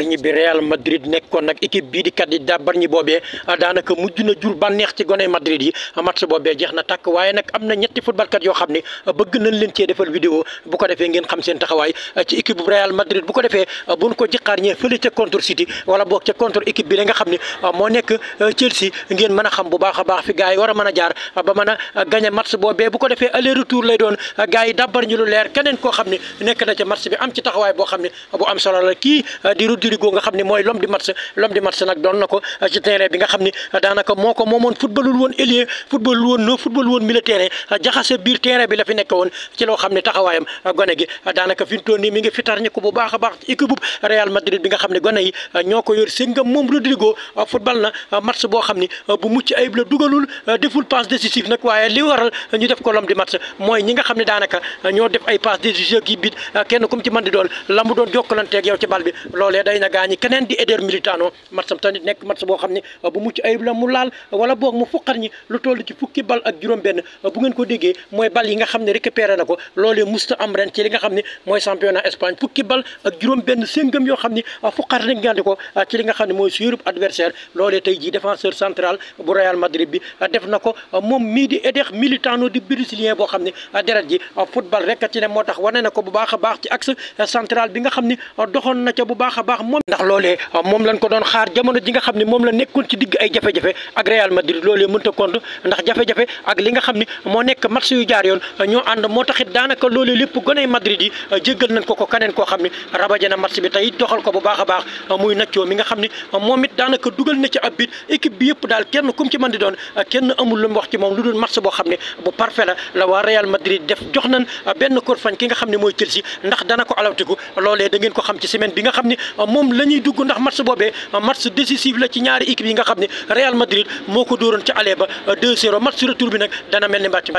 Bargny bi Real Madrid nekkoon nag équipe bii di candidat Bargny boobee ah, daanaka mujj na jur bànneex ci gone Madrid yi ah, match boobee jeex na tàkk waaye nag am na ñetti footballkat yoo xam ne ah, bëgg nañ leen cee defal vidéo bu ko defee ngeen xam seen taxawaay ci équipe bu Real Madrid bu ko defee buñ ko jiqaar ñee fële ca contre City wala boog ca contre équipe bi la nga xam ne moo nekk Chelsea ngeen mën a xam bu baax a baax fi gars yi war jaar ba mën Sirigo nga xam ne mooy l'homme du match l'homme du match nag doon na ko euh, ci terrain bi nga xam ne euh, daanaka moo ko moomoon footballul woon ailier footballul woon no footballul woon militaire euh, jaxase biir terrain bi la fi nekk woon ci loo xam ne taxawaayam gone gi daanaka fi mu mi a baax ci équipe bu Real Madrid nga xam boo xam ni bu mucc ayib la dugalul deful passe décisive nag waaye li waral ñu def ko l'homme du match mooy ñi xam ne daanaka ñoo def ay passe décisive ki bit kenn kum ci mën di doon la mu doon jokkalanteeg yow ci bal bi loolee day na gaañi keneen di Eder Militão match am tamit nekk match boo xam ne uh, bu mucc ayib la mu laal uh, wala boog mu fuqar ñi lu toll ci fukki bal ak juróom-benn uh, bu ngeen ko déggee mooy bal yi nga xam ne récupéré na ko loolee musta am ren ci li nga xam ne mooy championnat Espagne adversaire loolee tey jii défenseur central bu Real Madrid bi def na ko moom mii di Eder Militão di brésilien boo xam ne deret ji football rek ci ne moo tax wane ko a bu baax a baax moom ndax loolee euh, moom lañ ko doon xaar jamono ji nga xam ne moom la nekkoon ci digg ay jafe-jafe ak Real Madrid loolee mënta compte ndax jafe-jafe ak li nga xam ne moo nekk match yu jaar yoon euh, ñoo ànd moo taxit daanaka loolee lépp goney Madrid yi euh, jéggal nañ ko ko kaneen koo xam ne rabaje na match bi tey doxal ko bu baax a baax muy naccoo mi nga xam ni moom it daanaka dugal na ci ab bit équipe bi yëpp daal kenn kum ci mën di doon kenn amul lu mu wax ci moom lu dul match boo xam ne bu parfait jox nañ benn korfañ ki nga xam ne mooy Chelsea ndax dana ko alawtiku ko xam bi nga xam ne moom la ñuy dugg ndax match boobee match décisif la ci ñaari équipe yi nga xam ne Real Madrid moo ko dóoroon ci aller ba 2-0 match retour bi nag dana mel ni mbàcc